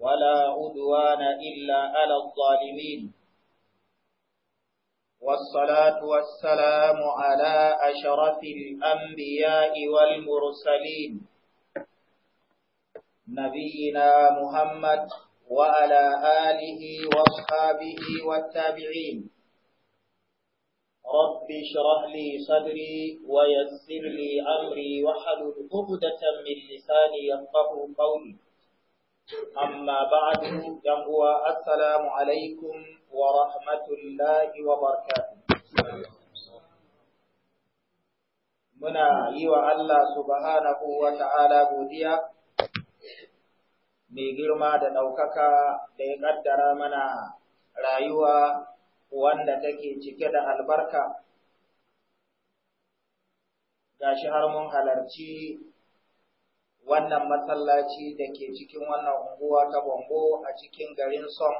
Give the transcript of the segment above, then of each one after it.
ولا عدوان إلا على الظالمين والصلاة والسلام على أشرف الأنبياء والمرسلين نبينا محمد وعلى آله وصحابه والتابعين رب اشرح لي صدري ويسر لي أمري وحلل عقدة من لساني يفقه قولي أما بعد يهو السلام عليكم ورحمة الله وبركاته muna yi wa Allah subhanahu wa ta'ala godiya mai girma da ɗaukaka da ya ƙaddara mana rayuwa wanda take cike da albarka gashi har mun halarci wannan masallaci da ke cikin wannan unguwa ta Bongo a cikin garin Som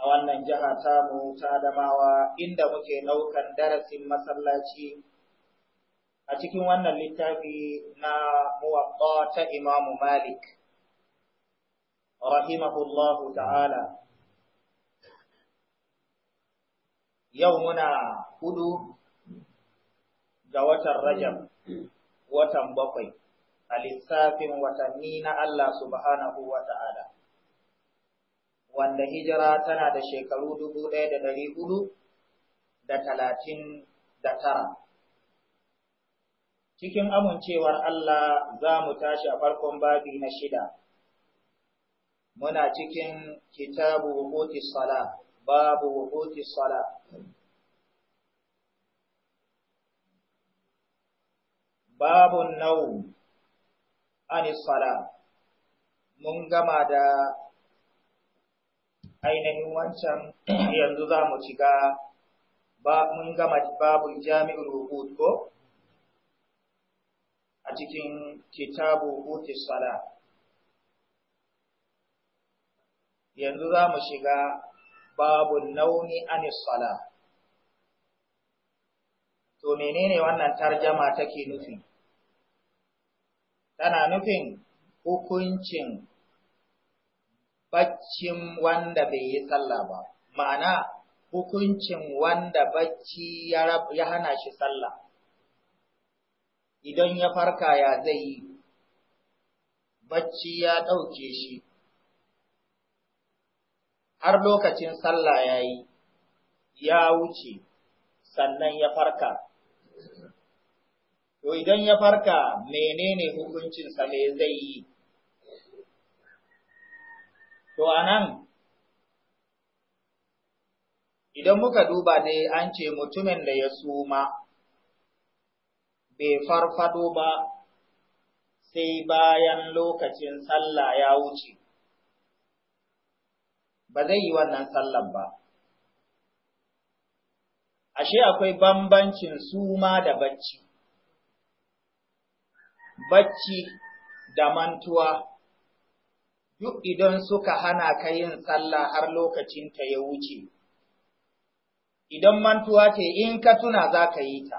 a wannan jiha tamu ta Adamawa inda muke naukan darasin masallaci a cikin wannan littafi na muwaɓɓa ta Imamu Malik rahimahullahu ta'ala yau muna hudu ga watan Rajab watan bakwai a lissafin watanni na Allah subhanahu wa ta'ala, wanda hijira tana da shekaru dubu ɗaya da ɗari hudu da talatin da tara. Cikin amincewar Allah za mu tashi a farkon babi na shida, muna cikin kitabu wukuti sala, babu wukuti sala. Babu nau anisala mun gama da ainihin wancan yanzu za mu shiga mun gama babun a cikin kitabu hukutis sala yanzu za mu shiga babun nauni anisala to menene wannan tarjama take nufi tana nufin hukuncin baccin wanda bai yi sallah ba ma'ana hukuncin wanda bacci ya hana shi sallah idan ya farka ya zai yi bacci ya ɗauke shi har lokacin sallah ya yi ya wuce sannan ya farka to idan ya farka menene hukuncinsa me zai yi to anan idan muka duba dai an ce mutumin da ya suma bai farfado ba sai bayan lokacin sallah ya wuce ba zai yi wannan sallan ba ashe akwai bambancin suma da bacci bacci da mantuwa duk idan suka hana ka yin sallah har lokacinta ya wuce. Idan mantuwa ce in ka tuna za ka yi ta,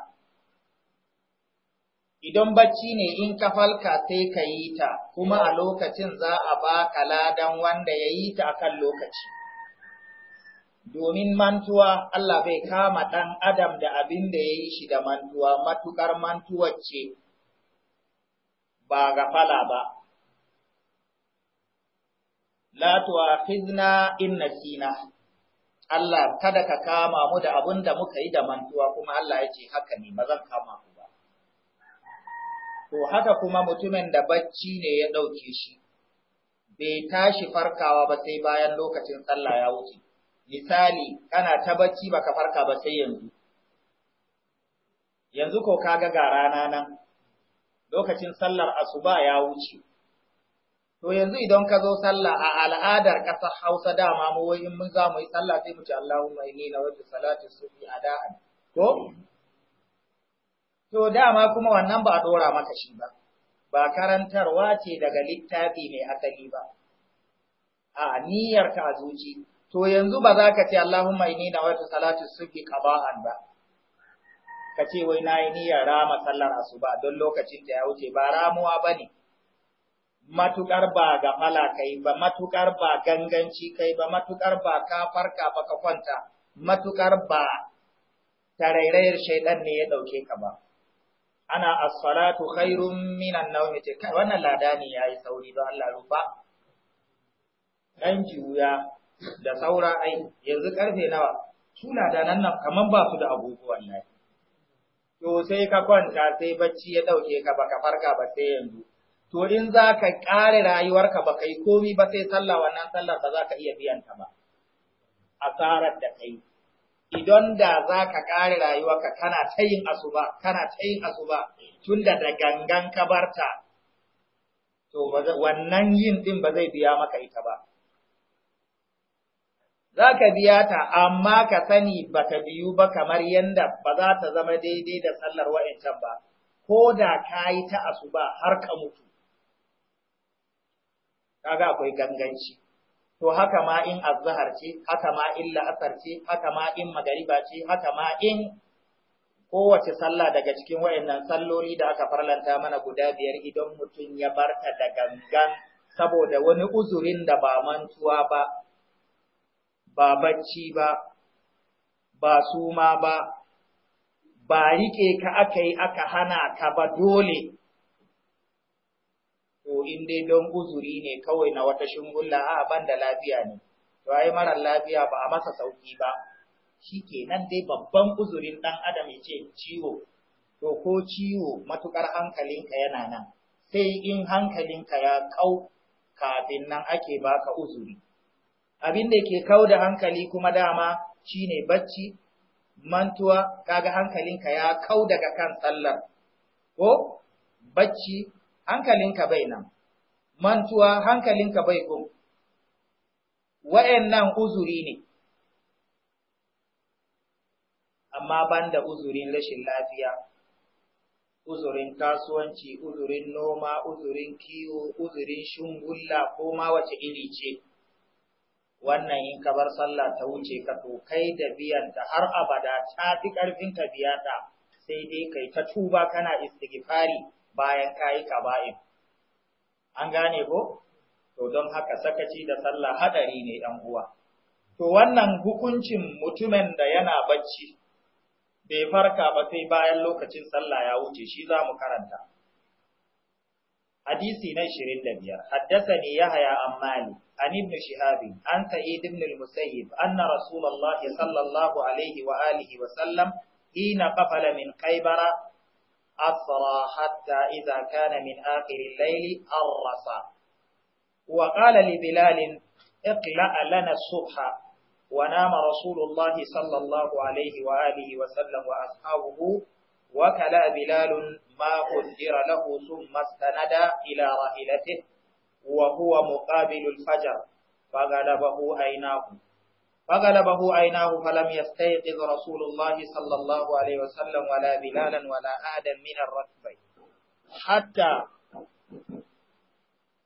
idan bacci ne in ka falka sai ka yi ta, kuma a lokacin za a ba ka ladan wanda ya yi ta akan lokaci. Domin mantuwa Allah bai kama ɗan adam da abin da ya yi shi da mantuwa, matuƙar mantuwar ce. ba gafala ba. La fizna in nasina Allah kada ka kama mu da abun da muka yi da mantuwa kuma Allah ya ce haka ne ba zan kama ku ba. To haka kuma mutumin da bacci ne ya ɗauke shi, bai tashi farkawa ba sai bayan lokacin sallah ya wuce. Misali, kana ta bacci baka farka ba sai yanzu. Yanzu ko kaga ga rana nan, lokacin sallar asuba ya wuce. To yanzu idan ka zo sallah a al'adar ƙasar Hausa dama mu wai in mun za mu yi sallah sai mu ce Allahumma inni na wajen salatu ada'an. Ko? To dama kuma wannan ba a dora maka shi ba, ba karantarwa ce daga littafi mai asali ba. A niyyarka a zuci, to yanzu ba za ka ce Allahumma inni na wajen salatu sufi ba. ka ce wai na yi niyyar rama sallar asuba don lokacin da ya wuce ba ramuwa ba ne matukar ba ga gafala kai ba matukar ba ganganci kai ba matukar ba ka farka ba ka kwanta matukar ba tarairayar shaidan ne ya dauke ka ba ana as-salatu khairum minan nawmi ce kai wannan lada ne yayi sauri don Allah rufa dan juya da saura ai yanzu karfe nawa su ladanan nan kaman ba su da abubuwan lafiya. to sai ka kwanta sai bacci ya ɗauke ka baka farka ba sai yanzu. To in za ka ƙare rayuwarka ba kai komi ba sai sallah wannan sallar ba za ka iya biyan ta ba. Asarar da kai. Idan da za ka ƙare rayuwarka kana ta yin asuba, kana ta yin asuba, tun da da gangan ka barta, to wannan yin ɗin ba zai biya maka ita ba. za ka biya ta amma ka sani ba ta biyu ba kamar yadda ba za ta zama daidai da sallar wa'incan ba, ko da ka yi ta ba har ka mutu. Kaga akwai ganganci. To haka ma in azahar ce, haka ma in la'asar ce, haka ma in magariba ce, haka ma in kowace sallah daga cikin nan. salloli da aka farlanta mana guda biyar idan mutum ya barta da gangan saboda wani uzurin da ba mantuwa ba ba bacci ba, ba suma ba, ba riƙe ka aka yi aka hana ka ba dole. To, in dai don uzuri ne kawai na wata shingulla a ban da lafiya ne, to ai marar lafiya ba a masa sauki ba, shi kenan dai babban uzurin ɗan adam yace ce ciwo, to ko ciwo matuƙar hankalinka yana nan, sai in hankalinka ya kau kafin nan ake baka uzuri. abin da ke kau da hankali kuma dama shine bacci mantuwa kaga hankalinka ya kau daga kan sallar ko bacci hankalinka bai nan mantuwa hankalinka bai gun wa'annan uzuri ne amma ban da uzurin rashin lafiya uzurin kasuwanci uzurin noma uzurin kiwo uzurin shungulla ko ma wace iri ce wannan in ka bar sallah ta wuce ka to kai da biyan ta har abada ta fi karfin ka biya ta sai dai kai ta tuba kana istighfari bayan kayi kaba'in an gane ko to don haka sakaci da sallah hadari ne dan uwa to wannan hukuncin mutumin da yana bacci bai farka ba sai bayan lokacin sallah ya wuce shi za mu karanta hadisi na 25 haddathani yahya an mali an ibn shihab an sa'id ibn al-musayyib anna rasulullah sallallahu alaihi wa alihi wa sallam hina qafala min qaybara asra hatta idha kana min akhir al an rasa. wa qala li bilal اقلع لنا الصبح ونام رسول الله صلى الله عليه وآله وسلم وأصحابه وكلا بلال ما قدر له ثم استند إلى راحلته وهو مقابل الفجر فغلبه عيناه فغلبه عيناه فلم يستيقظ رسول الله صلى الله عليه وسلم ولا بلالا ولا آدم من الركبين حتى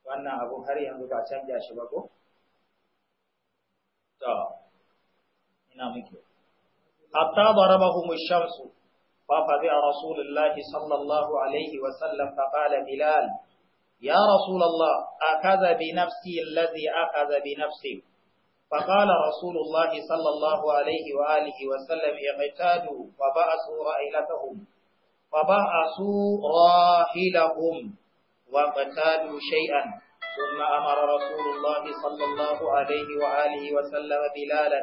وانا أبو هريرة ان ba canja shi ba ko? To, حتى ضربهم الشمس ففزع رسول الله صلى الله عليه وسلم فقال بلال يا رسول الله أخذ بنفسي الذي أخذ بنفسي فقال رسول الله صلى الله عليه وآله وسلم اغتادوا فبعثوا رائلتهم فبعثوا راحلهم واغتادوا شيئا ثم أمر رسول الله صلى الله عليه وآله وسلم بلالا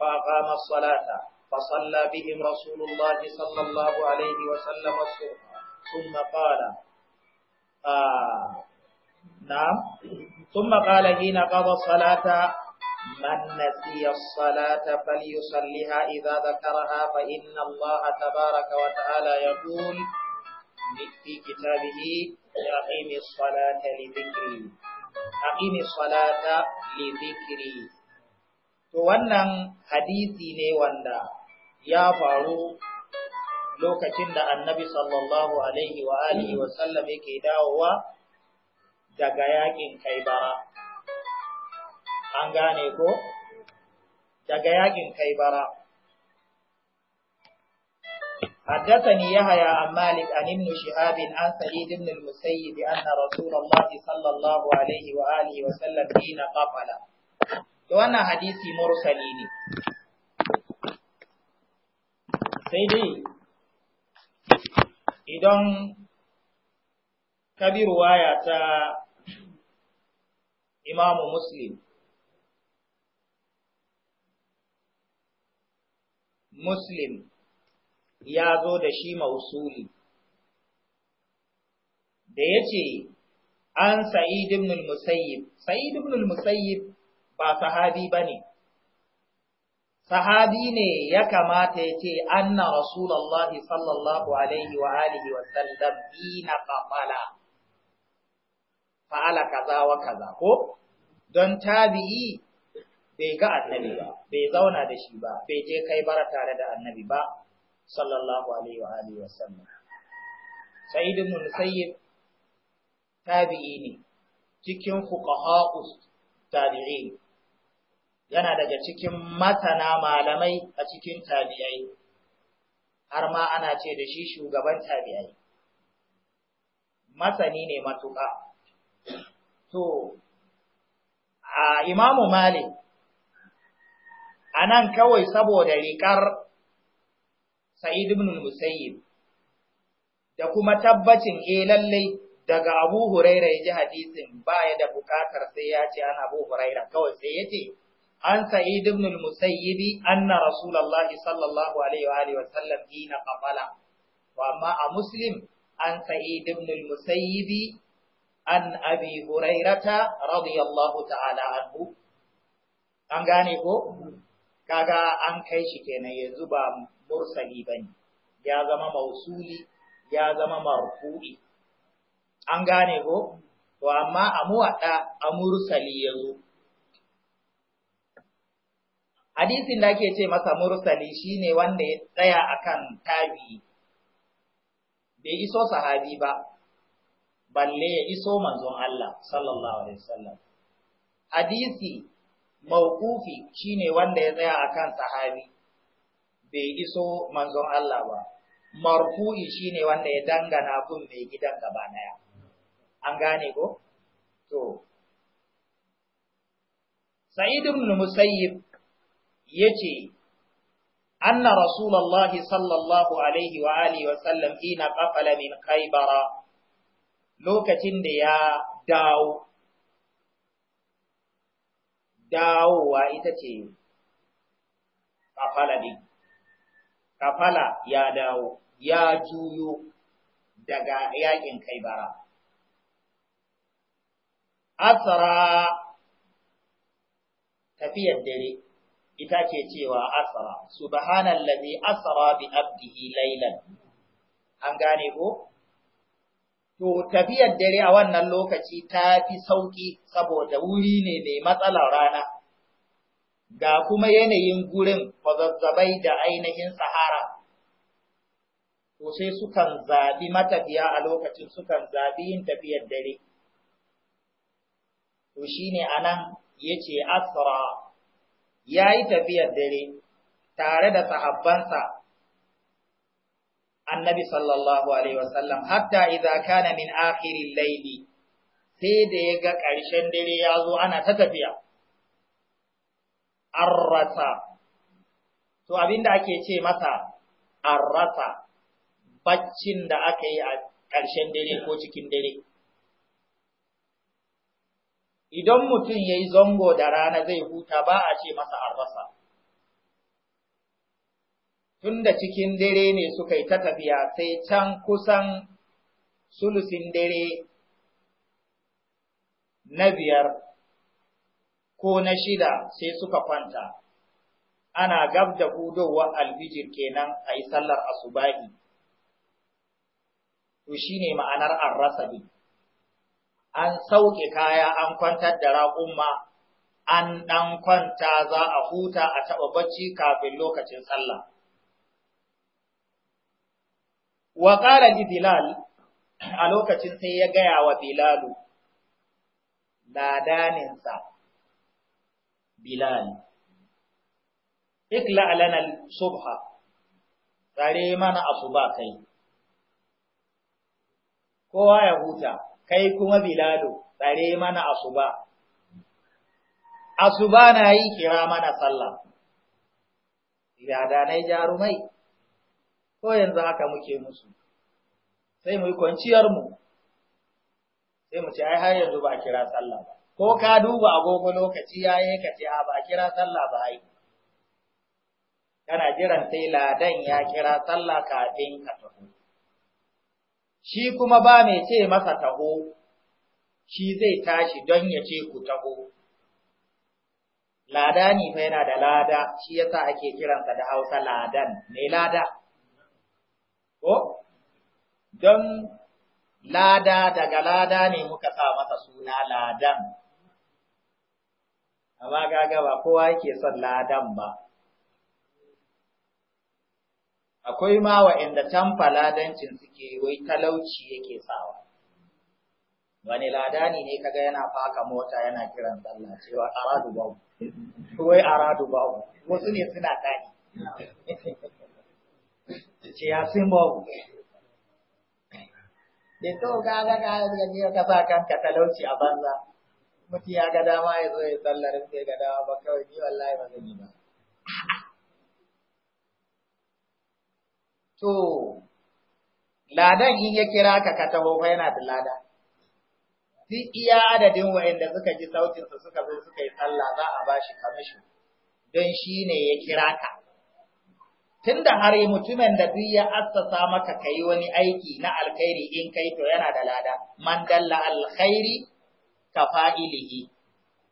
فأقام الصلاة فصلى بهم رسول الله صلى الله عليه وسلم الصبح ثم قال آه نعم ثم قال حين قضى الصلاة من نسي الصلاة فليصليها إذا ذكرها فإن الله تبارك وتعالى يقول في كتابه أقيم الصلاة لذكري أقيم الصلاة لذكري to wannan hadisi ne wanda ya faru lokacin da annabi sallallahu alaihi wa alihi wa sallam yake dawowa daga yakin kaibara an gane ko daga yakin kaibara حدثني يحيى عن مالك عن ابن شهاب عن سعيد بن المسيب أن رسول الله صلى الله عليه وآله وسلم حين قبل وأنا حديثي مرسلين sai dai idan Kabiru waya ta imamu muslim muslim ya zo da shi mausuli da ya ce an sa'id ibn musayyib sa'id ibn ba sahabi bane sahabi ne ya kamata ya ce anna rasulullahi sallallahu alaihi wa alihi wa sallam bina qala fa'ala kaza wa kaza ko don tabi'i bai ga annabi ba bai zauna da shi ba bai je kai bara tare da annabi ba sallallahu alaihi wa alihi wa sallam sa'id musayyib tabi'i ne cikin fuqaha'us tabi'in yana daga cikin masana malamai a cikin tabi'ai har ma ana ce da shi shugaban tabi'ai masani ne matuƙa to a imamu malik Anan kawai saboda riƙar sa'id ibn musayyib da kuma tabbacin eh lallai daga abu huraira ya ji hadisin baya da bukatar sai ya ce ana abu huraira kawai sai ya ce an sa'i ibn al-musayyib anna rasulullahi sallallahu alaihi wa sallam hina qafala wa amma a muslim an sa'i ibn al-musayyib an abi hurairata radiyallahu ta'ala anhu an gane ko kaga an kai shi kenan yanzu ba mursali bane ya zama mausuli ya zama marfu'i an gane ko to amma a muwadda a mursali yazo hadisin da ake ce masa mursali shine wanda ya tsaya akan tabi bai iso sahabi ba balle ya iso manzon Allah sallallahu alaihi wasallam hadisi mauqufi shine wanda ya tsaya akan sahabi bai iso manzon Allah ba marfu'i shine wanda ya dangana kun mai gidan gaba daya an gane ko to Sa'id ibn Musayyib Ya yace anna Rasulallah sallallahu alaihi wa alihi wa sallam hina qafala min khaybara lokacin da ya dawo dawowa ita ce ƙafala din Ƙafala ya dawo ya juyo daga yakin kaibara asara tafiyar dare ita ce cewa asra subhanallazi asara bi abdihi laylan an gane ko to tafiyar dare a wannan lokaci ta fi sauƙi saboda wuri ne mai matsalar rana ga kuma yanayin gurin kwazazzabai da ainihin sahara to sai sukan zabi matafiya a lokacin sukan zabi yin tafiyar dare to shine anan yace asra ya yi tafiyar dare tare da sahabbansa annabi sallallahu alaihi wasallam hatta idza kana min akhiril layli sai da ya ga ƙarshen dare ya zo ana ta tafiya arrasa to abinda ake ce masa arrasa baccin da aka yi a ƙarshen dare ko cikin dare idan mutum ya yi zango da rana zai huta ba a ce masa arbasa. Tunda cikin dare ne suka yi ta tafiya sai can kusan sulusin dare na biyar ko na shida sai suka kwanta. Ana gab da hudowa albijir kenan a yi sallar asubahi. To shi ne ma'anar arrasabi. an sauke kaya an kwantar da raƙumma an ɗan kwanta za a huta a taɓa bacci kafin lokacin sallah. Wa ƙara ji Bilal a lokacin sai ya gaya wa Bilalu, ladaninsa, Bilal, ikla alanar subha, tsare mana ba kai, kowa ya huta. kai kuma Bilado tsare mana asuba asuba na yi kira mana sallah nai jarumai ko yanzu haka muke musu sai mu yi kwanciyar sai mu ce ai har yanzu ba kira sallah ba ko ka duba agogo lokaci yi ka ce a ba kira sallah ba ai kana jiran sai ladan ya kira sallah kafin ka tafi shi kuma ba mai ce masa taho, shi zai tashi don ya ce ku taho. Lada ne fa yana da lada, shi yasa ake kiransa da Hausa ladan, mai lada. Ko? Don lada daga lada ne muka sa masa suna ladan. Amma gaga ba kowa yake son ladan ba. akwai ma wa'inda can faladancin suke wai talauci yake sawa. Wani ladani ne kaga yana faka mota yana kiran sallah cewa aradu babu, wai aradu babu, wasu ne suna tani. Ce ya sun babu. Da to ga ga gani ka sa kanka talauci a banza. Mutum ya ga dama ya zo ya sallar sai ga dama ba kawai ni wallahi ba zan yi ba. to ladan in ya kira ka ka taho yana da lada duk iya adadin waɗanda suka ji sautinsa suka zo suka yi sallah za a ba shi kamishin don shi ne ya kira ka tunda har mutumin da duk ya assasa maka ka yi wani aiki na alkhairi in kai to yana da lada man dalla alkhairi ka fa'ilihi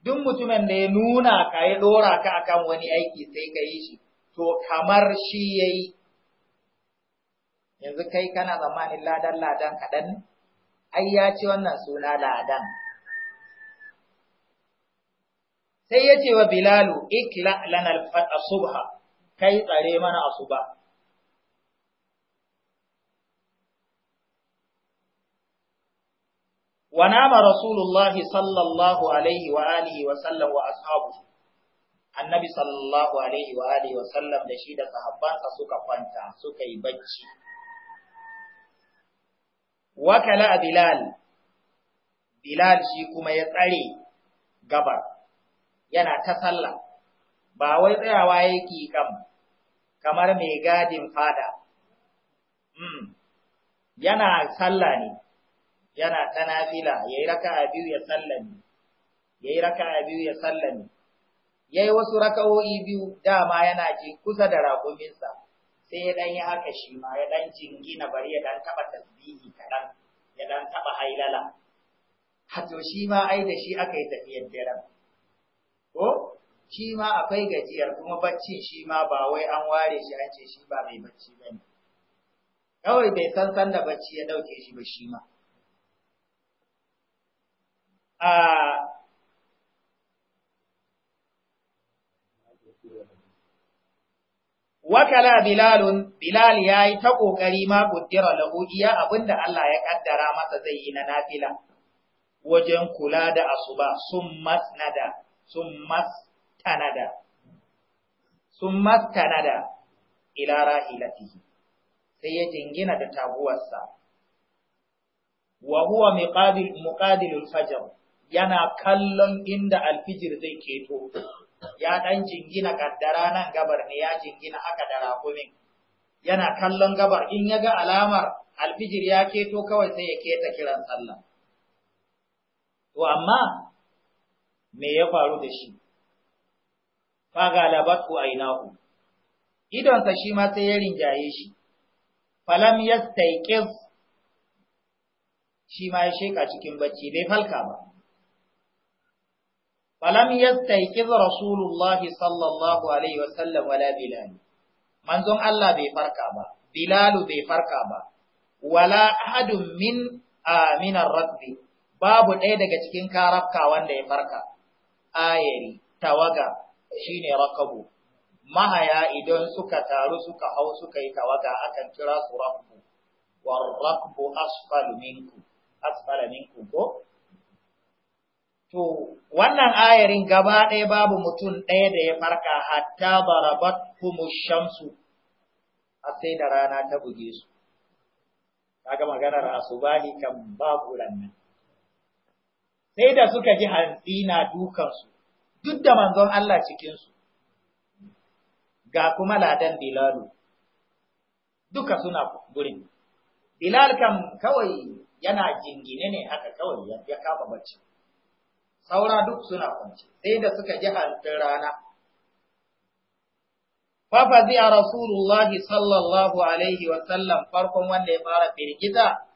duk mutumin da ya nuna ka ya ɗora ka akan wani aiki sai ka yi shi to kamar shi ya yi. yanzu kai kana zamanin ladan ladan kaɗan ai ya ce wannan suna ladan sai ya ce wa bilalu ikla lana al subha kai tsare mana asuba ونام رسول الله صلى الله عليه وآله وسلم وأصحابه النبي صلى الله عليه وآله وسلم da shi da sahabbansa suka kwanta suka yi bacci wakala Bilal, Bilal shi kuma ya tsare gabar, yana ta sallah, ba wai tsayawa yake kam, kamar mai gadin fada, mm. yana sallah ne, yana ta nafila, ya yi raka a biyu ya sallami, ya yi raka a biyu ya sallami, ya yi wasu raka'o'i biyu dama yana ji kusa da rakuminsa. sai ya dan yi haka shi ma ya dan jingina bari ya dan taba tasbihi kaɗan ya dan taba hailala hato shi ma ai da shi aka yi tafiyar dare ko shi ma akwai gajiyar kuma baccin shi ma ba wai an ware shi an ce shi ba mai bacci ba ne kawai bai san san da bacci ya ɗauke shi ba shi ma ah, wakala bilalun bilal yayi ta ƙoƙari ma kuddira lahu iya abinda Allah ya ƙaddara masa zai yi na nafila wajen kula da asuba sun mastanada ilara mastanada sai ya jingina da taguwarsa Wahuwa huwa Fajar yana kallon inda alfijir zai keto ya ɗan jingina kaddara nan gabar ne ya jingina aka da rakumin yana kallon gabar in ya ga alamar alfijir ya keto kawai sai ya keta kiran sallah to amma me ya faru da shi Fa ga fagalabatku ainahu idonsa shi ma sai ya rinjaye shi falam yastaiqiz shi ma ya sheka cikin bacci bai falka ba الله صلى rasulullahi sallallahu alaihi ولا wala من manzon Allah bai farka ba bilalu bai farka ba wala احد من امن الرب babu ɗaya daga cikin karabka wanda ya farka ayari tawaga shine rakabu mahaya idan suka taru suka hau suka yi tawaga akan kira su rabbu war rakbu asfal minku asfal minku ko To, wannan ayarin gaba ɗaya babu mutum ɗaya da ya farka hatta barabat kuma shamsu, a sai da rana ta buge su. Kaga maganar asubani kan babu rannan. Sai da suka ji hantsi na dukansu, duk da manzon Allah cikinsu, ga kuma ladan Bilalu, duka suna gurin. Bilal kam kawai yana jingine ne haka kawai ya kafa bacci. saura duk suna kwance sai da suka ji halittun rana Fafa zai a Rasulullahi sallallahu Alaihi wasallam farkon wanda ya fara firgita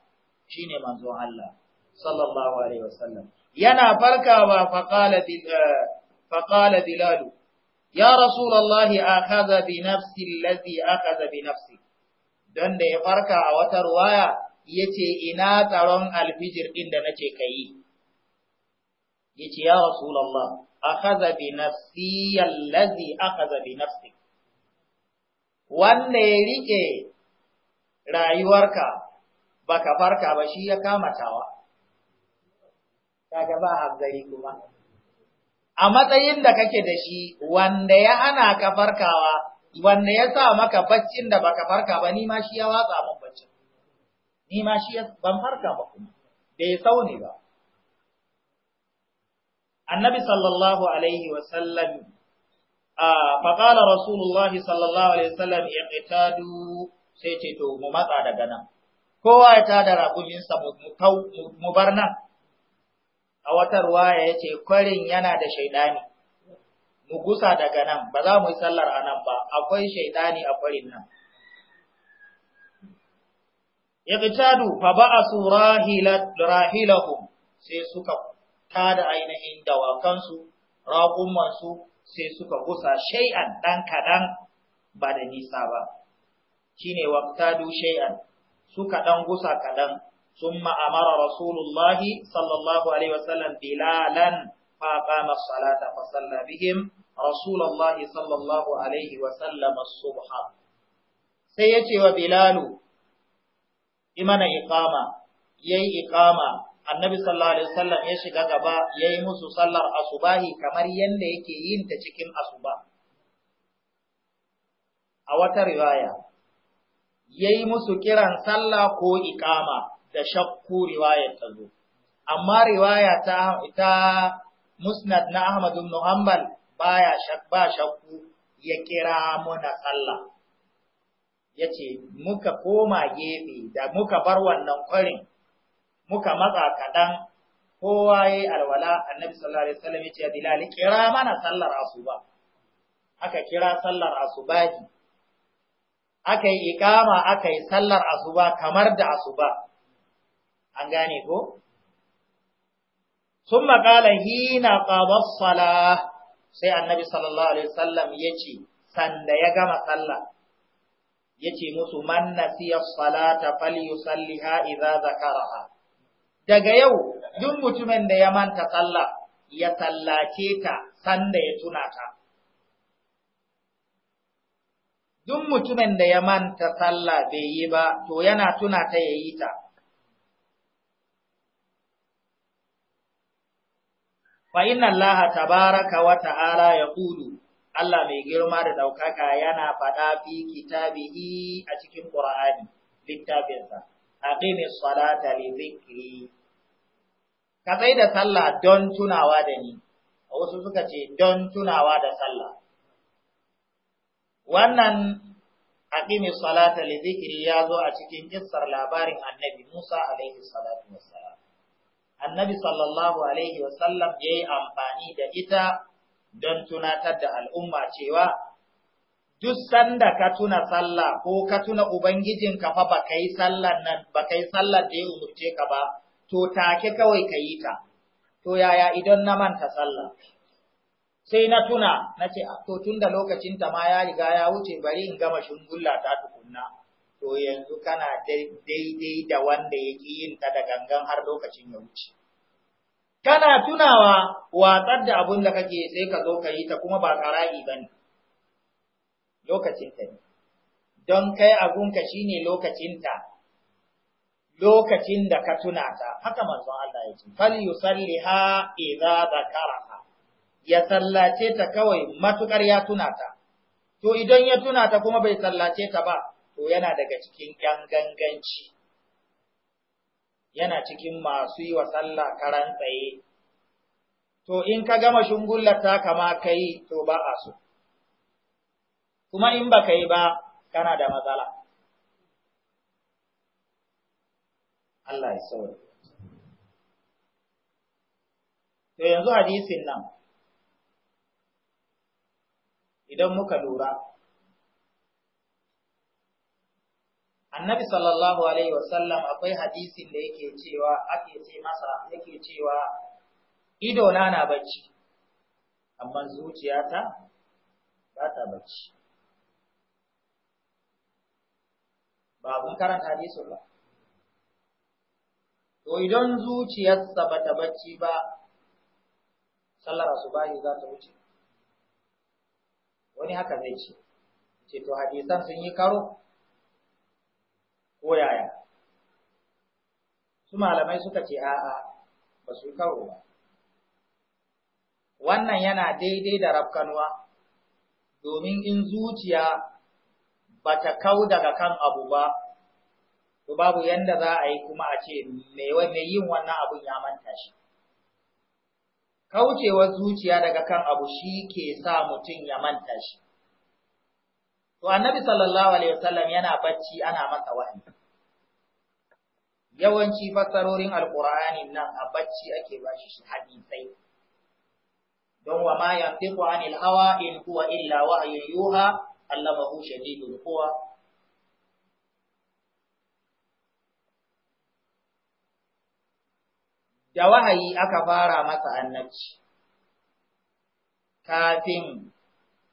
shi ne manzon Allah sallallahu Alaihi wasallam. Yana farkawa faƙala eh, Bilalu, Ya Rasulullahi a kaza bi nafsi lazi a kaza bi nafsi, don da ya farka a wata ruwaya ya ce ina tsaron alfijir ɗin da nace ka yi. yace ya rasulullah akhadha bi nafsi allazi akhadha bi nafsi wanda ya rike rayuwarka baka farka ba shi ya kamatawa kaga ba hanzari kuma a matsayin da kake da shi wanda ya hana ka farkawa wanda ya sa maka baccin da baka farka ba ni ma shi ya watsa min baccin ni ma shi ban farka ba kuma bai sau ba annabi sallallahu alaihi wasallam faƙala rasulullahi sallallahu alaihi wasallam ya ƙitadu sai ce to mu matsa daga nan kowa ya tada rakuminsa mu bar nan a watar waya ya ce kwarin yana da shaidani mu gusa daga nan ba za mu yi sallar a nan ba akwai shaidani a kwarin nan ya ƙitadu fa ba a su rahilahu sai suka ta da ainihin dawakansu, ragun masu sai suka gusa shay'an ɗan kaɗan ba da nisa ba, shine ne waktadu shay'an su kaɗan gusa kaɗan, sun ma’amara Rasulullah sallallahu Alaihi wasallam bilalan faƙamar salata fa sallabihim Rasulullah sallallahu Alaihi wasallam subha. Sai ya ce wa Bilalu, imana iqama, yai iƙama. annabi sallallahu alaihi wasallam ya shiga gaba ya yi musu sallar asubahi kamar yadda yake yin ta cikin asuba a wata riwaya ya yi musu kiran sallah ko ikama da shakku riwayar ta zo amma riwaya ta ita musnad na Ahmadu Muhammad ba shakku ya kira muna sallah ya ce, Muka koma gefe da muka bar wannan kwarin muka matsa kaɗan kowa ya yi alwala annabi sallallahu alaihi wasallam ya ce bilal kira mana sallar asuba aka kira sallar asubahi aka yi ikama aka yi sallar asuba kamar da asuba an gane ko sun makala hina qadas sala sai annabi sallallahu alaihi wasallam ya ce sanda ya gama sallah ya ce musu man nasiya salata falyusalliha idza zakaraha daga yau duk mutumin da ya manta sallah ya sallace ta sanda ya tuna ta duk mutumin da ya manta sallah bai yi ba to yana tuna ta yayi ta fa inna baraka tabaaraka wa ta'ala yaqulu Allah mai girma da ɗaukaka yana faɗa fi kitabihi a cikin Qur'ani littafinsa aqimi salata li dhikri ka sai da sallah don tunawa da ni wasu suka ce don tunawa da sallah wannan aqimi salata li dhikri ya zo a cikin kissar labarin annabi Musa alaihi salatu wassalam annabi sallallahu alaihi wasallam yayi amfani da ita don tunatar da al'umma cewa duk sanda ka tuna sallah ko ka tuna ka fa ba yi sallar nan baka yi sallar da ya umurce ka ba to take kawai ka yi ta to yaya idan na manta sallah sai na tuna na ce ah, to tunda lokacin ta ma ya riga ya wuce bari in gama shungulla ta tukunna to yanzu kana daidai da wanda yake yin ta da gangan har lokacin ya wuce kana tunawa watsar da abun da kake sai ka zo ka yi ta kuma ba ba bane lokacinta ne, don kai abunka shi ne lokacinta, lokacin da ka tuna ta, haka manzon Allah ya ce, fal yusalli ha iza ya sallace ta kawai matukar ya tuna ta, to idan ya tuna ta kuma bai sallace ta ba, to yana daga cikin ‘yan ganganci, yana cikin masu yi wa sallah karan tsaye, to in ka gama shungullar ta kama kai to ba a so. kuma in baka yi ba kana da matsala Allah ya to yanzu hadisin nan idan muka lura annabi sallallahu alaihi wasallam akwai hadisin da yake cewa ake ce masa yake cewa ido na na bacci amma zuciyata ba ta bacci ba abun karanta hadisin ba to idan zuciyarsa ba ta bacci ba sallar asubahi za ta wuce wani haka zai ce ce to hadisan sun yi karo ko yaya su malamai suka ce a'a ba su karo ba wannan yana daidai da rafkanuwa domin in zuciya ba ta kau daga kan abu ba, to babu yadda za a yi kuma a ce mai yin wannan abun ya manta shi. Kaucewar zuciya daga kan abu shi ke sa mutum ya manta shi. To, annabi sallallahu Alaihi wasallam yana bacci ana masa wani. Yawanci fassarorin Alƙur'ani nan a bacci ake bashi hadisai. Don wa ma yantiqu anil hawa in huwa illa wa'yun yuha allamahu shadidul quwa da wahayi aka fara masa annabci kafin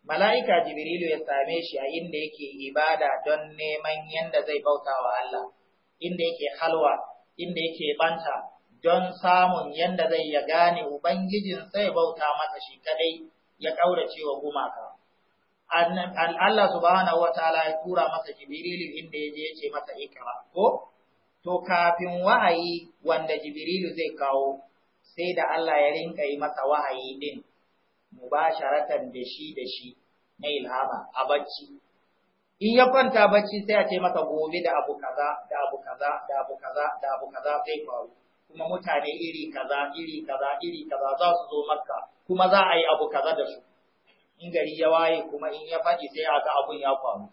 mala'ika Jibrilu ya same shi a inda yake ibada don neman yadda zai bauta wa Allah, inda yake halwa, inda yake banta don samun yadda zai ya gane Ubangijin sai bauta masa shi kadai ya ƙaurace wa gumaka. Allah subhanahu wataala ya tura masa Jibrilu inda yaje yace masa ikra ko to kafin wahayi wanda Jibrilu zai kawo sai da Allah ya rinka yi masa wahayi din mubasharatan da shi da shi na ilhama a bacci in ya kwanta bacci sai a ce masa gobe da abu kaza da abu kaza da abu kaza da abu kaza zai faru kuma mutane iri kaza iri kaza iri kaza za su zo maka kuma za a yi abu kaza da su in gari ya waye kuma in ya faɗi sai a ga abun ya faru.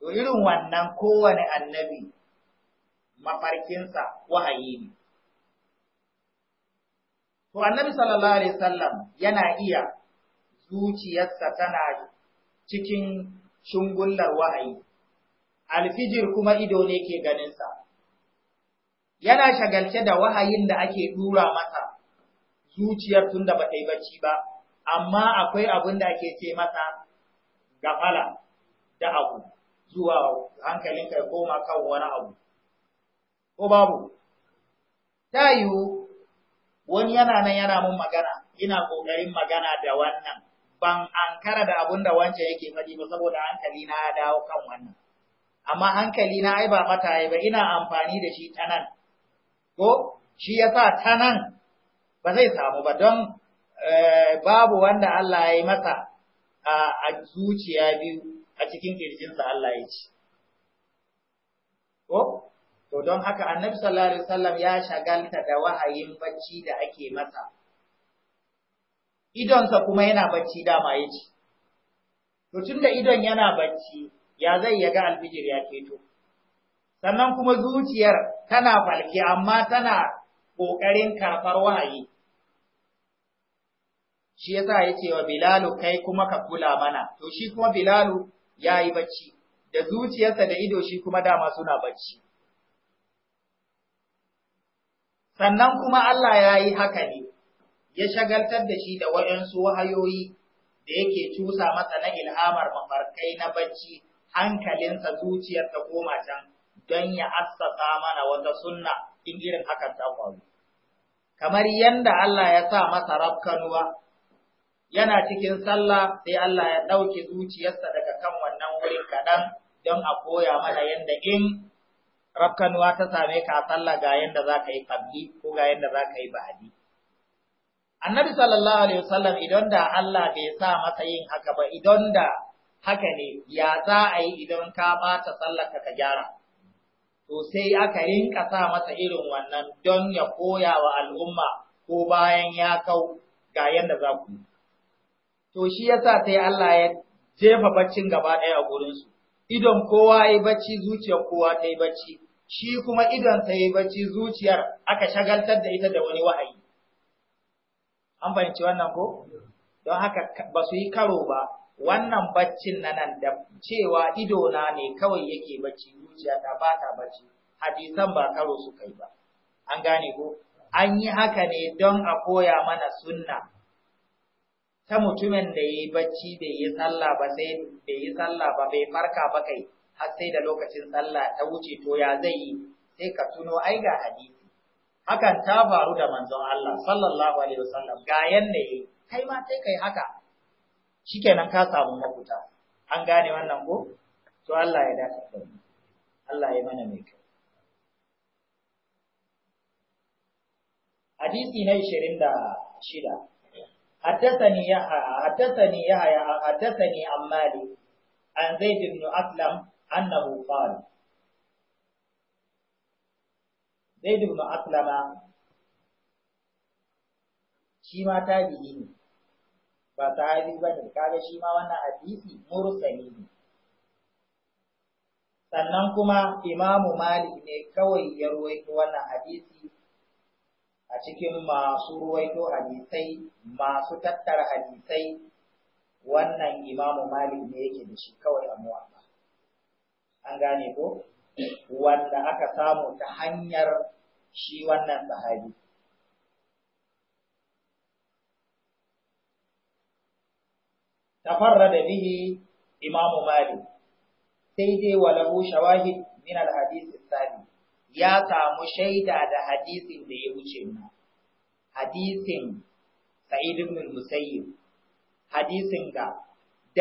To irin wannan kowane annabi mafarkinsa wahayi ne. To annabi sallallahu alaihi wasallam yana iya zuciyarsa tana cikin shungullar wahayi, alfijir kuma ido ne ke ganinsa. Yana shagalce da wahayin da ake dura masa zuciyar tun da ba ta yi bacci ba. amma akwai abin da ake ce masa gafala da abu zuwa hankalinka ya koma kan wani abu ko babu ta yiwu wani yana nan yana mun magana ina kokarin magana da wannan ban ankara da abun da wancan yake faɗi ba saboda hankali na ya dawo kan wannan amma hankali na ai ba mataye ba ina amfani da shi ta nan ko shi yasa ta nan ba zai samu ba don Eh, babu wanda Allah ya yi masa a zuciya biyu a cikin kirjinsa Allah ya ci. Ko? To don haka annabi sallallahu Alaihi wasallam ya shagalta da wahayin bacci da ake masa. Idonsa kuma yana bacci dama ya ci. To tun da idon yana bacci ya zai yaga ga alfijir ya keto. Sannan kuma zuciyar tana falke amma tana ƙoƙarin karɓar wahayi. shi yasa ce wa Bilalu kai kuma ka kula mana to shi kuma Bilalu ya yi bacci da zuciyarsa da ido shi kuma dama suna bacci sannan kuma Allah ya yi haka ne ya shagaltar da shi da waɗansu wahayoyi da yake cusa masa na ilhamar mafarkai na bacci hankalinsa zuciyarsa ko koma don ya assasa mana wata sunna in irin hakan ta faru kamar yadda Allah ya sa masa rafkanuwa yana cikin sallah sai Allah ya ɗauke zuciyarsa daga kan wannan wurin kaɗan don a koya mana yadda in rafkanuwa ta same ka a sallah ga yadda za ka yi kabli ko ga yadda za ka yi ba'adi. Annabi sallallahu alaihi wasallam idan da Allah bai sa masa yin haka ba idan da haka ne ya za a yi idan ka bata sallar ka gyara. To sai aka rinka sa masa irin wannan don ya koya wa al'umma ko bayan ya kau ga yadda za ku yi. to shi yasa sai Allah ya jefa baccin gaba ɗaya a gurinsu. Idon kowa ya bacci zuciyar kowa ta yi bacci, shi kuma idon sa yi bacci zuciyar aka shagaltar da ita da wani wahayi. An fahimci wannan ko? Don haka ba su yi karo ba, wannan baccin na nan da cewa idona ne kawai yake bacci zuciya ta ba ta bacci, hadisan ba karo su kai ba. An gane ko? An yi haka ne don a koya mana sunna ta mutumin da ya yi bacci bai yi sallah ba sai bai yi sallah ba bai farka ba kai har sai da lokacin sallah ta wuce to ya zai yi sai ka tuno ai ga hadisi hakan ta faru da manzon Allah sallallahu alaihi wasallam ga yanda yi kai ma sai kai haka shikenan ka samu mafuta an gane wannan ko to Allah ya dace da mu Allah ya mana mai kai. hadisi na 26 حدثني يحيى حدثني يحيى حدثني عن مالك عن زيد بن اسلم انه قال زيد بن اسلم shi ma tabi'i ne ba sahabi ba ne kaga shi ma sannan kuma imamu malik ne kawai ya ruwaito wannan hadisi a cikin masu ruwaito hadisai masu tattara hadisai wannan imamu malik ne yake da shi kawai a muwatta an gane ko wanda aka samu ta hanyar shi wannan sahabi da bihi imamu malik sai dai walahu shawahid min al-hadith al hadith ya samu shaida da hadisin da ya wuce mu hadisin Sa'id ibn Musayyib hadisin da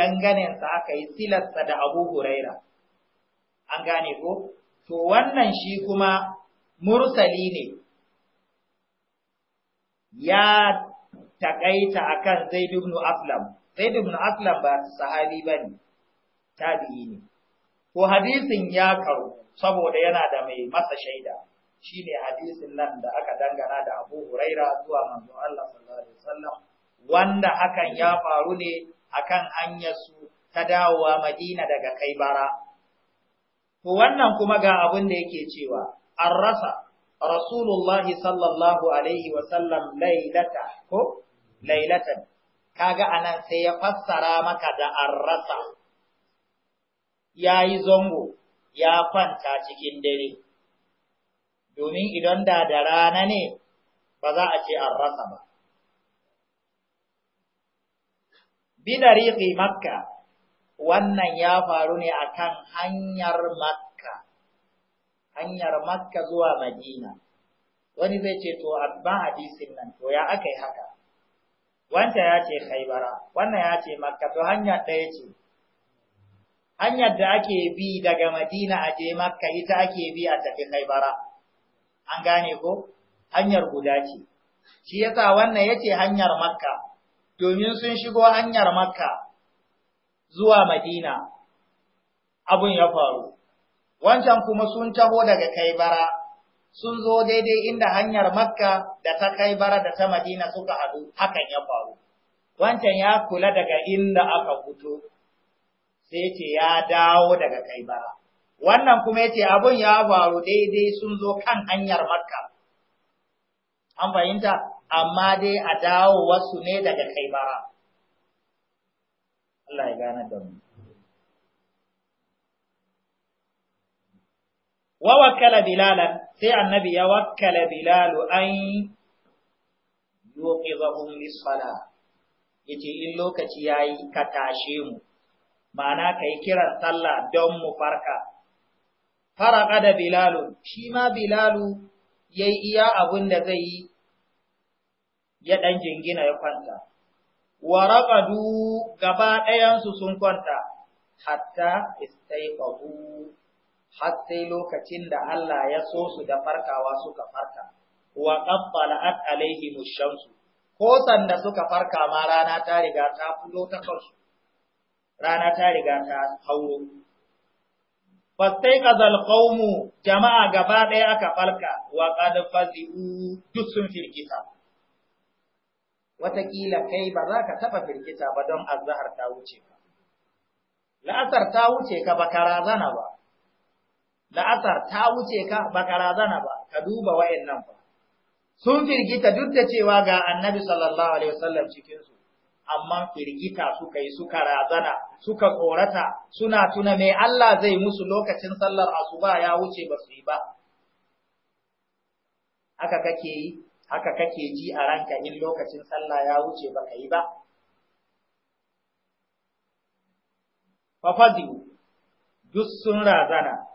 aka yi silarsa da Abu Huraira an gane ko to wannan shi kuma mursali ne ya takaita akan Zaid ibn Aslam Zaid ibn Aslam ba sahabi bane tabi'i ne ko hadisin ya karu saboda yana da mai masa shaida shine hadisin nan da aka dangana da Abu Huraira zuwa manzon Allah sallallahu alaihi wasallam wanda hakan ya faru ne akan hanyar su ta dawowa Madina daga Kaibara to wannan kuma ga abin da yake cewa an rasa Rasulullahi sallallahu alaihi wasallam lailata ko lailatan kaga anan sai ya fassara maka da arrasa ya yi zango ya kwanta cikin dare, domin idan da da rana ne ba za a ce an rasa ba. Bidariƙi Makka, wannan ya faru ne akan hanyar Makka, hanyar Makka zuwa Madina. Wani zai ce, To, ba hadisin nan, to ya aka yi haka, wanta ya ce Khaibara, wannan ya ce Makka, to hanya ɗaya ce. hanyar da ake bi daga Madina a je Makka ita ake bi a tafi Khaibara an gane ko hanyar guda ce shi yasa wannan yace hanyar Makka domin sun shigo hanyar Makka zuwa Madina abun ya faru wancan kuma sun taho daga Khaibara sun zo daidai inda hanyar Makka da ta Khaibara da ta Madina suka haɗu hakan ya faru wancan ya kula daga inda aka fito sai ce ya dawo daga kaibara wannan kuma ce abun ya faru daidai sun zo kan hanyar makka an fahimta amma dai a dawo wasu ne daga kaibara Allah ya gane da mu wa wakala bilalan sai annabi ya wakkala bilalu an yi yi salah yace in lokaci yayi ka tashe mu ma'ana ka yi kiran sallah don mu farka. Faraka da Bilalu, shi ma Bilalu ya yi iya abin da zai yi ya dan jingina ya kwanta. Wa raƙadu gaba ɗayansu sun kwanta, hatta istayqahu har sai lokacin da Allah ya so su da farkawa suka farka. Wa ƙabbala'at alaihimu shamsu, ko sanda suka farka ma rana ta riga ta fito ta kansu. rana ta riga ta hauro. Fastai ƙazal ƙaumu jama'a gaba ɗaya aka falka wa ƙadar fazi'u duk sun firgita. Wataƙila kai ba za ka taɓa firgita ba don azahar ta wuce ka. La'asar ta wuce ka ba karazana ba. La'asar ta wuce ka ba karazana ba, ka duba wa'in nan ba. Sun firgita duk da cewa ga annabi sallallahu Alaihi wasallam cikinsu. amma firgita suka yi suka razana suka korata suna tuna mai Allah zai musu lokacin sallar asuba ya wuce ba su yi ba haka kake yi haka kake ji a ranka in lokacin sallah ya wuce ba ka yi ba Fafadi, duk sun razana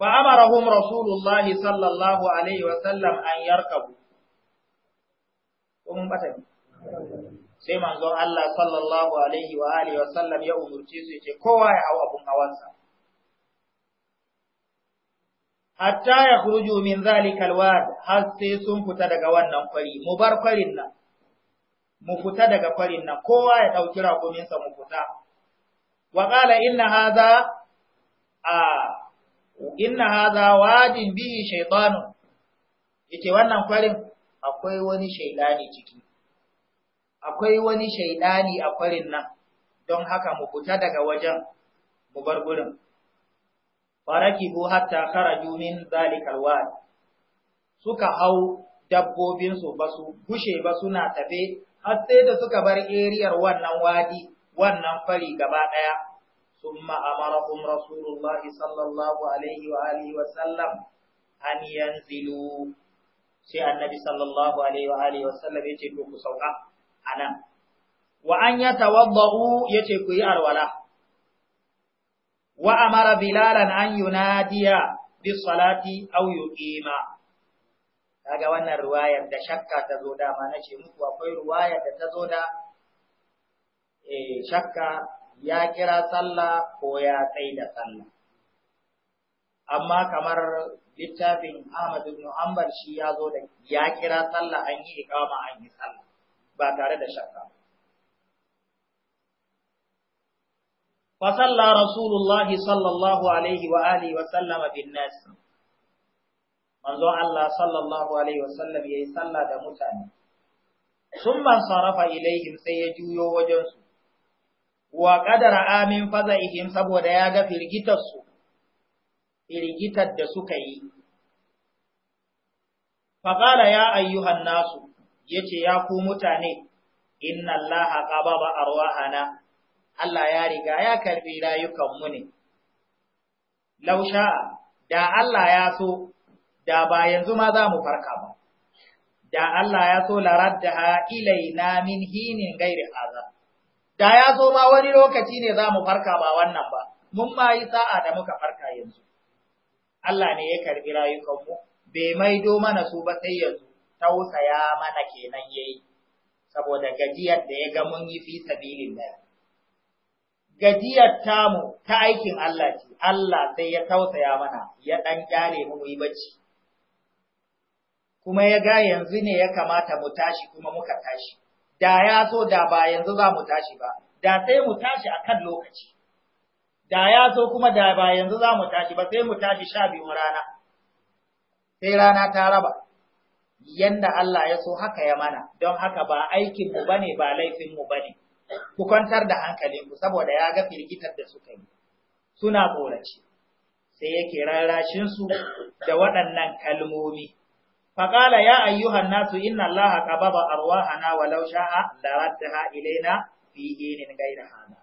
فأمرهم رسول الله صلى الله عليه وسلم أن يركبوا ومن بتن sai manzon Allah sallallahu alaihi wa sallam ya umurce su yace kowa ya hau abun hawansa hatta ya khruju min zalikal wad har sai sun fita daga wannan kwari mu bar kwarin nan mu fita daga kwarin nan kowa ya dauki rakuminsa mu fita wa a inna hadha wadin bihi shaytanu yace wannan kwarin akwai wani shaydani ciki akwai wani shaydani a kwarin nan don haka mu fita daga wajen mu bar gurin farakibu hatta kharaju min zalikal wad suka hau dabbobinsu ba su gushe ba suna tafe har sai da suka bar eriyar wannan wadi wannan fari gaba ɗaya ثم أمرهم رسول الله صلى الله عليه وآله وسلم أن ينزلوا شيء النبي صلى الله عليه وآله وسلم يتبوك سوقا أنا وأن يتوضعوا يتبوك أرولا وأمر بلالا أن ينادي بالصلاة أو يقيم kaga wannan ruwayar da shakka ta zo da ma nace muku akwai ruwayar da ta zo da shakka ya kira sallah ko ya tsai da sallah. Amma kamar littafin Ahmad ibn Hanbal shi ya zo da ya kira sallah an yi iqama an yi sallah ba tare da shakka. Fa Sallah Rasulullah sallallahu alaihi wa alihi wa sallama bin nas. Manzo Allah sallallahu alaihi wa sallam yayi sallah da mutane. Summan sarafa ilaihim sai ya juyo wajensu. wa qadara amin ihim saboda ya ga firgitar firgitar da suka yi faqala ya ayyuhan nasu yace ya ku mutane inna allaha qababa arwahana Allah ya riga ya karbi rayukanmu ne lausha da Allah ya so da ba yanzu ma za mu farka ba da Allah ya so ha ilaina min hinin gairi azab da ya zo ma wani lokaci ne za mu farka ba wannan ba mun ma yi sa'a da muka farka yanzu Allah ne ya karbi rayukanmu bai maido mana su ba sai yanzu tausaya mana kenan yayi saboda gajiyar da ya ga mun yi fi da gajiyar tamu ta aikin Allah ce Allah sai ya tausaya mana ya dan mu, mu yi bacci kuma ya ga yanzu ne ya kamata mu tashi kuma muka tashi da ya so da ba yanzu za mu tashi ba da sai mu tashi a kan lokaci da ya so kuma da ba yanzu za mu tashi ba sai mu tashi sha biyu rana sai rana ta raba yanda Allah ya so haka ya mana don haka ba aikin mu bane ba laifin mu bane ku kwantar da hankalin ku saboda ya ga firgitar da suka yi suna ƙorace sai yake rarashin su da waɗannan kalmomi فقال يا أيها الناس إن الله قبض أرواحنا ولو شاء لردها إلينا في حين غير هذا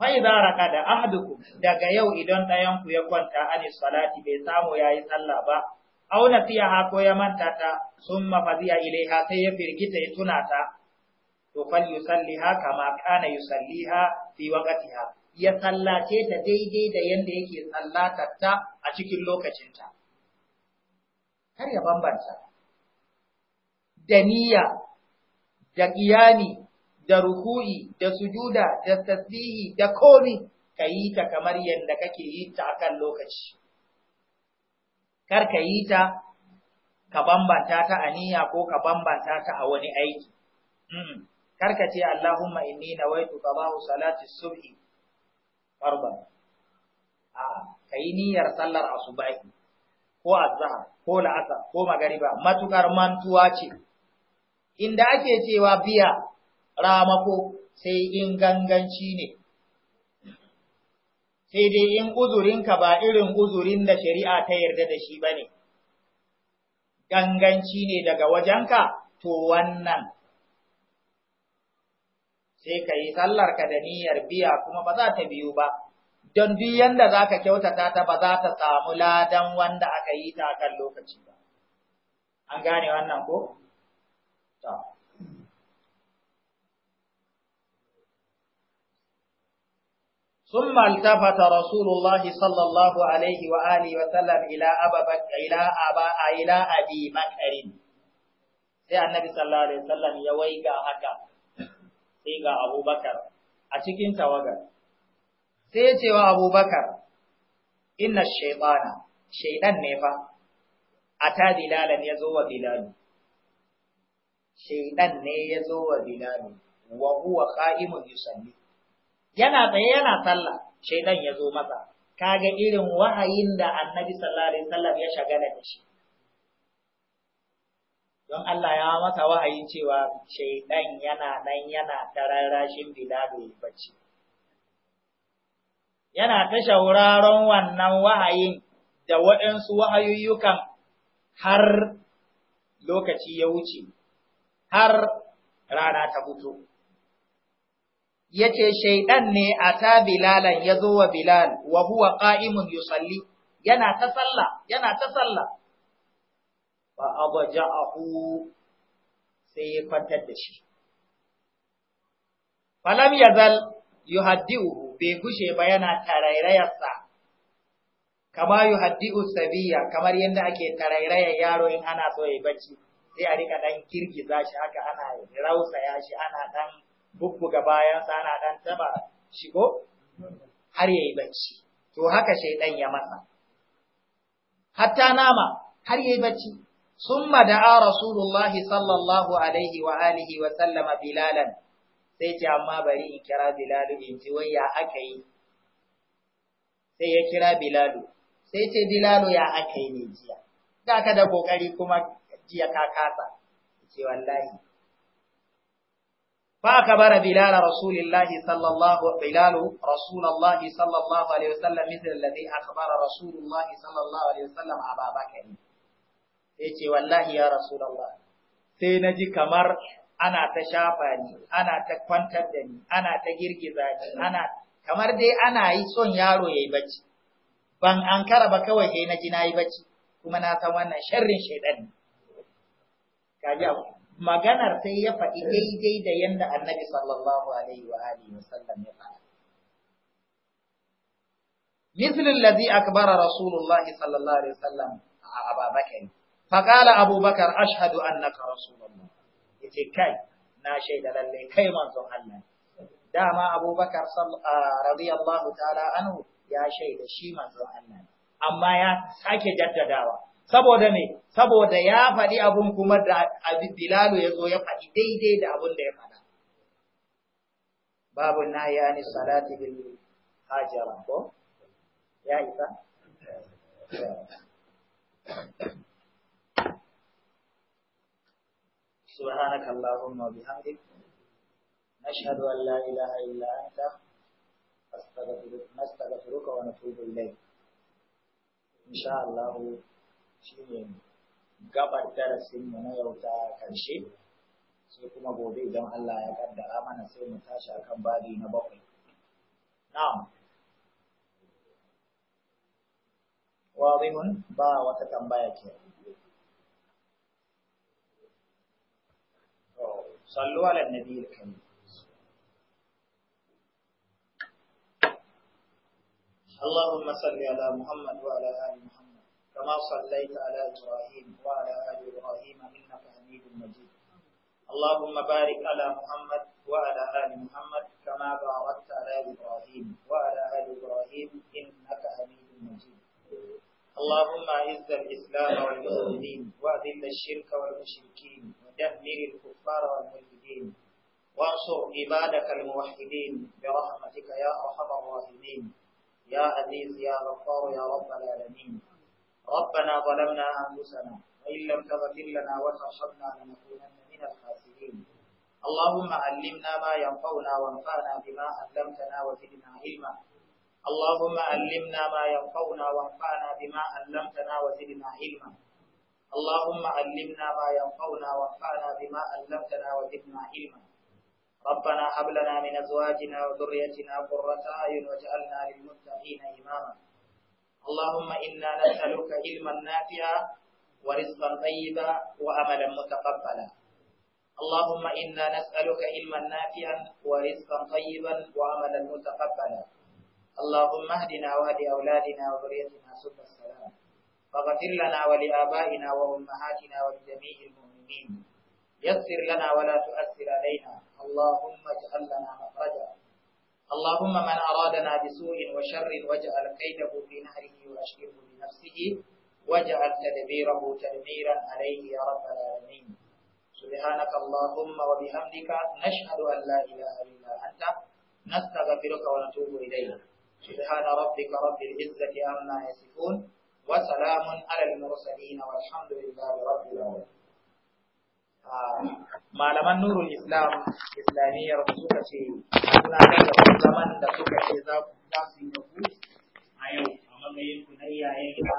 فإذا رقد أحدكم daga yau idan ɗayan ya kwanta anis salati bai samu yayi sallah ba aw nasiha ko ya manta ta summa fadiya ilaiha sai ya firgita ya tuna ta to fal yusalliha kama kana yusalliha fi waqtiha ya sallace ta daidai da yadda yake sallatar ta a cikin lokacinta kar ya bambanta da niyya da qiyami da ruku'i da sujuda da tasbihi da komi yi ta kamar yadda kake yi ta kan lokaci kar ka yi ta ka bambanta ta a niyya ko ka bambanta ta a wani aiki kar ka ce Allahumma inni nawaitu qada'u salati subhi farban a kai niyyar sallar asubahi ko azhar ko la'asar ko magariba matukar mantuwa ce inda ake cewa biya ramako sai in ganganci ne sai dai in uzurinka ba irin uzurin da shari'a ta yarda da shi bane ganganci ne daga wajenka to wannan sai ka yi sallarka da niyyar biya kuma ba za ta biyu ba don duk yanda za ka kyautata ta ba za ta samu ladan wanda aka yi ta kan lokaci ba. An gane wannan ko? Ta. ثم التفت رسول الله صلى الله عليه وآله وسلم إلى أبا بكر إلى أبا إلى أبي بكر sai annabi sallallahu alaihi wasallam ya waiga haka sai ga Abu Bakar a cikin tawagar sai ya ce wa abubakar ina shaitana shaidan ne fa a ta bilalan ya zo wa bilalu shaidan ne ya zo wa bilalu wa huwa ka'imun yusalli yana tsaye yana sallah shaidan ya zo masa kaga irin wahayin da annabi sallallahu alaihi wasallam ya shagala da shi don Allah ya masa wa'ayi cewa shaidan yana nan yana tararashin bilal ya bacci yana ta shauraron wannan wahayin da waɗansu wahayoyukan har lokaci ya wuce, har rana ta fito. Ya ce, Shaiɗan ne a ta Bilalan ya zo wa Bilal, wa huwa ƙa'imun yusalli, yana ta sallah, yana ta sallah. Ba abu ja'ahu sai ya kwantar da shi. Falam haddi uku. bai gushe ba yana tarairayarsa kama yi haddi'u sabiya kamar yadda ake tarairayar yaro in ana so ya yi bacci sai a rika kirki girgiza shi haka ana rausaya shi ana dan bubbuga bayansa ana ɗan taba shigo har ya yi bacci to haka shi ɗan ya masa hatta nama har ya yi bacci summa da'a rasulullahi sallallahu alaihi wa alihi wa sallama bilalan sai ce amma bari in kira Bilalu in ji wai ya aka yi. Sai ya kira Bilalu, sai ce Bilalu ya aka yi ne jiya, ga ka da ƙoƙari kuma jiya ka kasa, ce wallahi. Fa ka bara Bilala Rasulillahi sallallahu Bilalu Rasulallah sallallahu alaihi wasallam misal ladai akhbara Rasulullahi sallallahu alaihi wasallam a babakari. Sai ce wallahi ya Rasulallah. Sai na ji kamar ana ta shafa ni ana ta kwantar da ni ana ta girgiza ni ana kamar dai ana yi son yaro yayi bacci ban an kara ba kawai sai na ji nayi bacci kuma na san wannan sharrin shaidan ne kaji abu maganar sai ya faɗi daidai da yanda annabi sallallahu alaihi wa alihi wasallam ya faɗa مثل الذي أكبر رسول الله صلى الله عليه وسلم أبا بكر فقال أبو بكر أشهد أنك رسول Yace kai na shaida lalle kai manzon Allah dama Abubakar radiyallahu ta'ala anhu ya shaida shi manzon Allah amma ya sake jaddadawa saboda me saboda ya faɗi abun kuma da Bilal ya zo ya faɗi daidai da abun da ya faɗa babu na ya ni salati bil hajara ko ya isa سبحانك اللهم وبحمدك نشهد أن لا إله إلا أنت نستغفرك ونتوب إليك إن شاء الله شيء gabar darasin mu na yau ta karshe sai kuma gobe idan Allah ya kaddara mana sai mu tashi akan babi na bakwai na'am wa ba wata tambaya ke. صلوا على النبي الكريم اللهم صل على محمد وعلى آل محمد كما صليت على إبراهيم وعلى آل إبراهيم إنك حميد مجيد اللهم بارك على محمد وعلى آل محمد كما باركت على إبراهيم وعلى آل إبراهيم إنك حميد مجيد اللهم أعز الإسلام والمسلمين وأذل الشرك والمشركين ودمر الكفار والملحدين وانصر عبادك الموحدين برحمتك يا ارحم الراحمين يا عزيز يا غفار يا رب العالمين ربنا ظلمنا انفسنا وان لم تغفر لنا وترحمنا لنكونن من الخاسرين اللهم علمنا ما ينفعنا وانفعنا بما علمتنا وزدنا علما اللهم علمنا ما ينفعنا وانفعنا بما علمتنا وزدنا علما اللهم علمنا ما ينفعنا وانفعنا بما علمتنا وزدنا علما ربنا هب لنا من ازواجنا وذريتنا قرة اعين واجعلنا للمتقين اماما اللهم انا نسالك علما نافعا ورزقا طيبا واملا متقبلا اللهم انا نسالك علما نافعا ورزقا طيبا واملا متقبلا اللهم اهدنا واهد اولادنا وذريتنا سبل السلام فاغفر لنا ولآبائنا وأمهاتنا ولجميع المؤمنين يسر لنا ولا تؤثر علينا اللهم اجعل لنا مخرجا اللهم من أرادنا بسوء وشر واجعل كيده في نهره وأشكره لنفسه واجعل تدبيره تدميرا عليه يا رب العالمين سبحانك اللهم وبحمدك نشهد أن لا إله إلا أنت نستغفرك ونتوب إليك سبحان ربك رب العزة عما يصفون وسلام على المرسلين والحمد لله رب العالمين malaman nurul islam islamiyyar suka ce suna daga zaman da suka ce za su yi da ku a yau a matsayin ku na